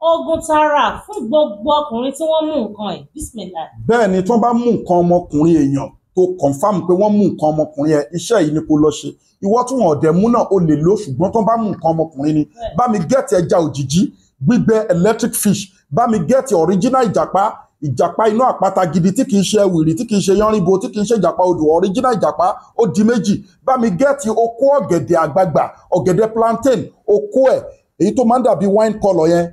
ogun tara fún gbogbo ọkùnrin tí wọ́n mú nǹkan ẹ̀ bísímìlà. bẹ́ẹ̀ ni tí wọ́n bá mú nǹkan ọmọkùnrin èèyàn tó confam pé wọ́n mú nǹkan ọmọkùnrin ẹ̀ iṣẹ́ yìí ni kò lọ ṣe ìwọ tí wọn ọ̀dẹ̀ mú náà o lè lò ṣùgbọ́n tó bá mú nǹkan ọmọkùnrin ni bá mi gẹ́ẹ̀tì ẹja òjijì gbígbẹ electric fish bá mi gẹ́ẹ̀tì original ìjàpá ìjàpá inú àpáta gidi tí kìí ṣe wìrì tí kìí ṣe yánrinbo tí kìí ṣe ìjàpá odò original ìjàpá ó di méjì bá mi gẹ́ẹ̀tì okó ọ̀gẹ̀dẹ̀ àgbagbà ọ̀gẹ̀dẹ̀ plantain okó ẹ̀ èyí tó máa ń dàbí wine colour yẹn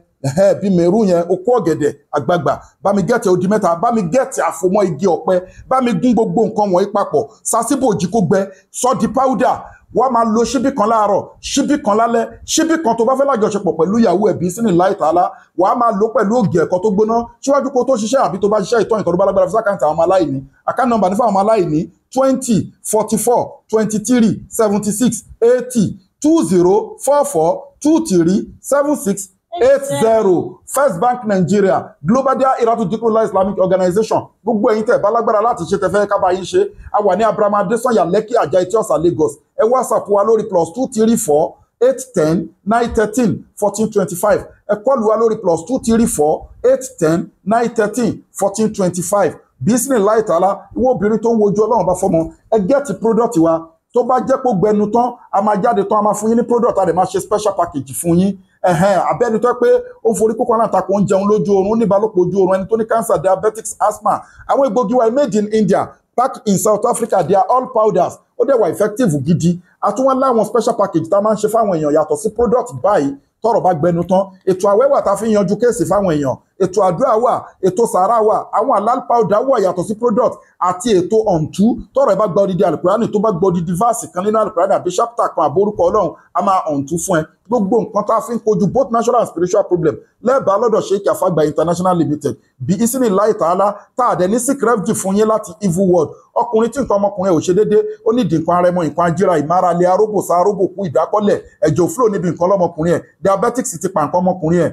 bí mẹ́rù yẹn o kó ọ̀gẹ̀dẹ̀ àgbagbà bá mi gẹ́tẹ̀ odi mẹ́ta bá mi gẹ́tẹ̀ àfòmọ́ igi ọ̀pẹ bá mi gún gbogbo nǹkan wọ̀nyí papọ̀ sásìbò òjì kó gbẹ sọ di powder wọ́n máa lo ṣíbí kan láàárọ̀ ṣíbí kan lálẹ́ ṣíbí kan tó bá fẹ́ lájọṣepọ̀ pẹ̀lú ìyàwó ẹ̀bí sínú láì tààlà wọ́n á máa lo pẹ̀lú ògì ẹ̀kọ́ tó gbóná síwájú kó tó ṣiṣẹ́ àbí tó bá ṣiṣẹ́ ìtọ́ ìtọ́jú balagbara fisa kàǹtà àwọn aláìní àkáǹtì nọ́mbà nífà àwọn aláìní twenty forty four twenty three seventy six eighty two zero four four two three seven six eight zero first bank nigeria global dahiratu Dikunla islamic organization gbogbo ẹ̀yin tẹ́ bá lágbára láti ṣe tẹfẹ kábà yín ṣe a wà ní abraham adesanya lekki ajah etí lagos ẹ whatsapp wa lórí plus two three four eight ten nine thirteen fourteen twenty five ẹ kọlù wa lórí plus two three four eight ten nine thirteen fourteen twenty five bísíní láìtàlá ìwọ obìnrin tó ń wojú ọlọ́run bá fọmọ ẹ gẹ́ẹ̀tì product wa tó bá jẹ́ pé gbẹnu tán a máa jáde tán a máa fún yín ní product a lè máa ṣe special package fún yín abẹ́ni tó pé ó ń forí kókó aláǹtakùn ó ń jẹun lójú oorun ó ní ìbálòpọ̀ ojú oorun ẹni tó ní cancer diabetes, asthma àwọn egbògi wa made in India back in South Africa they are all powders ó dẹ̀ wà effective gidi àtúwọ́n láwọn special package tá a máa ń ṣe fáwọn èèyàn yàtọ̀ sí product báyìí tọ́rọ̀ bá gbẹnu tán ètò àwẹ́wà tá a fi yanjú kéèsì fáwọn èèyàn ètò àdúrà wà ètò sàárà wà àwọn àlálùpàdà wà yàtọ̀ sí product àti ètò ọ̀ǹtú tọrọ ẹ bá gba odidi alukurani tó bá gba odidi verse kan nínú alukurani àbí chapter kan àbórúkọ ọlọ́run a máa ọ̀ǹtú fún ẹ gbogbo nǹkan tá a fi ń kojú both natural and spiritual problem lẹ́ẹ̀bàá lọ́dọ̀ Sheikh Afagba International Limited bí isini láì tààlà tá a dẹ̀ ní síkírẹ́fì fún yín láti evil world ọkùnrin tí nǹkan ọmọkùnrin ò ṣe déédéé ó ní ìdìkan arẹmọ nǹkan ajíra ìmárale aróbòsá aróbòkú ìdákọ́lẹ̀ ẹ̀jẹ̀ òfúlò níbi nǹkan ọlọ́mọkùnrin ẹ̀ diabetics ti pa nǹkan ọmọkùnrin ẹ̀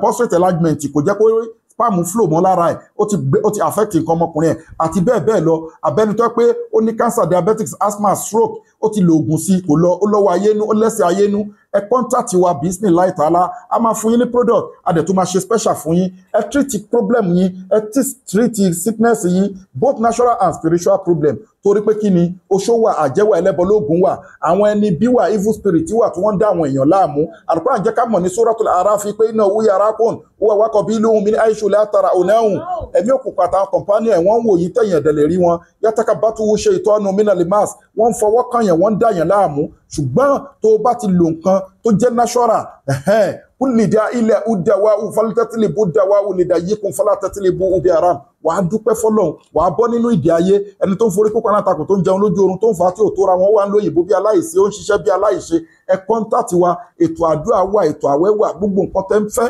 prostate enlargement kò jẹ́ pé spam flow mọ́ lára ẹ̀ ó ti gbé ó ti affect nǹkan ọmọkùnrin ẹ̀ àti bẹ́ẹ̀ bẹ́ẹ̀ lọ abẹ́ni tó pé ó ní cancer diabetics asthma stroke ó ti lo oògùn sí kò lọ ó lọ́wọ́ ayénú ó lẹ́sẹ̀ ayénú ẹ kọ́ńtàtì wa bísínì láì tààlà a máa fún yín ní product a dẹ̀ tún máa ṣe special fún yín ẹ treat problem yín ẹ treat sickness yín both natural and spiritual problem torí pé kí ni oṣó wà àjẹwà ẹlẹ́bọlógún wà àwọn ẹni bí wà evil spirit wà tí wọ́n ń dá àwọn èèyàn láàmú àlùkò àǹjẹ́ ká mọ̀ ní suratul arafi pé iná òwúyẹ arákùn wọ́n wákọ̀ bí ilé ohun mi ní aishu látara òun ẹ̀hún ẹ̀mí òkùnkùn àtàwọn kọ̀ǹpánì ẹ̀ wọ́n ń wòye tẹ̀yìn ẹ̀dẹ̀lẹ̀ rí wọn yàtàkà bá tún ṣe ìtọ́nu minalimas wọ́n ń fọwọ́ kànyàn wọ́n ń dàyàn láàmú ṣùgbọ́n tó o bá ti lò nǹkan tó jẹ́ náṣọ́ra kúlìdá ilẹ̀ udawa ufalatẹ́tìlìbù dawa olùdá yíkun falatẹ́tìlìbù ubi haram wà á dúpẹ́ fọlọ́n wà á bọ́ nínú ìdí ayé ẹni tó ń forí kókó alátakò tó ń jẹun lójú oorun tó ń fa tí ò tóra wọn wà ń lo òyìnbó bí aláìsí ó ń ṣiṣẹ́ bí aláìṣe ẹ kọ́ńtà tiwa ètò àdúrà wà ètò àwẹ̀ gbogbo nǹkan tẹ́ ń fẹ́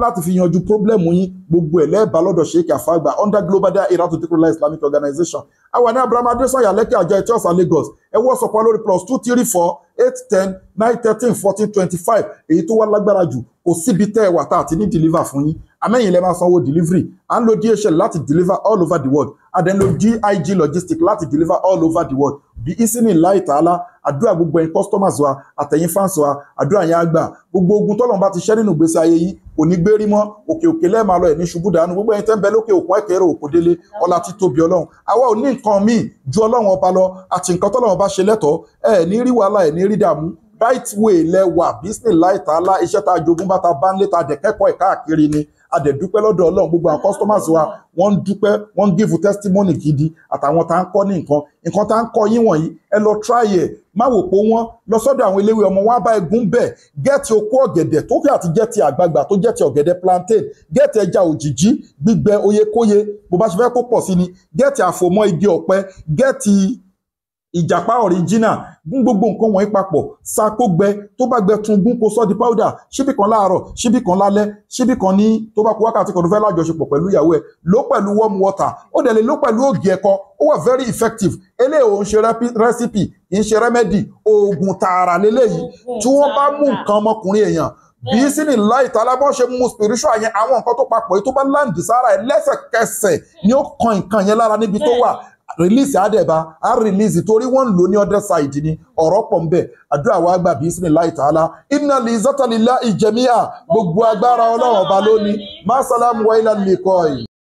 láti fi yanjú pọ́blẹ́mù yín gbogbo ẹ̀ lẹ́ẹ̀bà lọ́dọ̀ Sheikh Afagba under Global to Dhikrlahi Islamic Organization àwọn ní Abraham adesanya lẹ́kẹ́ àjọ ẹ̀tí ọ̀sán Lagos ẹ wọ́n sọ̀pọ̀ lórí plus two three four eight ten nine thirteen fourteen twenty five èyí tó wá lágbára jù kò síbi tẹ́ ẹ wà tá a ti ní deliver fún yín amẹ́yìn lẹ́ máa sanwó delivery à ń lo DHL láti deliver all over the world a dẹ̀ lo DIG logistics láti deliver all over the world bí isini láì tààlà àdúrà gbogbo ẹ̀yin customers wa àtẹ̀yin fans wa àdúrà yẹn á gbà gbogbo ogun tọ́lọ́run bá ti ṣẹ́ nínú ìgbésí ayé yìí kò ní gbérí mọ́ òkè òkè lẹ́ẹ̀ máa lọ ẹ̀ ní ṣubú dànù gbogbo ẹ̀yin tẹ́ ń bẹ lókè òkun ẹ̀kẹ́ rò òkò délé ọlá tí tóbi ọlọ́run àwa ò ní nǹkan míì ju ọlọ́run ọba lọ àti nǹkan tọ́lọ́run bá ṣe lẹ́tọ̀ọ́ ẹ̀ ní rí wàhálà ẹ̀ ní rí dààmú right way lẹ́wà bismillah ta'ala iṣẹ́ tá a jogún bá ta bá ń lé ta dẹ̀ kẹ́kọ̀ọ́ ẹ̀ káàkiri ni adẹ̀dúpẹ́ lọ́dọ̀ ọlọ́run gbogbo àwọn customers wa wọ́n ń dúpẹ́ wọ́n ń testimony gidi àtàwọn tá ń kọ́ ní nǹkan nǹkan tá ń kọ́ yín wọ̀nyí ẹ lọ try ẹ̀ má wò pó wọ́n lọ sọ́dọ̀ àwọn eléwé ọmọ wọn á bá ẹgún bẹ̀ gẹ́ẹ̀tì okó ọ̀gẹ̀dẹ̀ tó kí àti gẹ́ẹ̀tì àgbààgbà tó gẹ́ẹ̀tì ọ̀gẹ̀dẹ̀ plantain gẹ́ẹ̀tì ẹja òjìjí gbígbẹ oyekóye bó bá ṣe fẹ́ kó pọ̀ sí ni gẹ́ẹ̀tì àfòmọ́ igi ọ̀pẹ gẹ́ẹ̀tì ìjàpá ọ̀ríjínà gún gbogbo nǹkan wọ̀nyí papọ̀ sako gbẹ tó bá gbẹ tún gún kó sọ́ di páwùdà ṣíbí kan láàárọ̀ ṣíbí kan lálẹ́ ṣíbí kan ní tó bá kú wákàtí kan tó fẹ́ lájọṣepọ̀ pẹ̀lú ìyàwó ẹ̀ ló pẹ̀lú warm water ó dẹ̀ lè ló pẹ̀lú ògì ẹ̀kọ ó wà very effective eléyìí ò ń ṣe recipe kì í ṣe rẹ́mẹ́dì oògùn tààrà lélẹ́yìí tí wọ́n bá mú nǹkan ọmọkùnrin èèyàn bí sí ni láì tá alábọ́n ṣe mú spiritual yẹn àwọn nǹkan tó papọ̀ yìí tó bá láǹdì sára ẹ̀ lẹ́sẹ̀kẹsẹ̀ ni ó kan nǹkan yẹn lára níbi tó wà release Adeba, á release torí wọ́n ń lò ní other side ni ọ̀rọ̀ pọ̀ ń bẹ̀ àdúrà wa gbà bí sinmi láì tààlà iná lè zọ́tàlélá ìjẹ̀míà gbogbo agbára ọlọ́run ọba lónìí má sálámù wáyé lálẹ́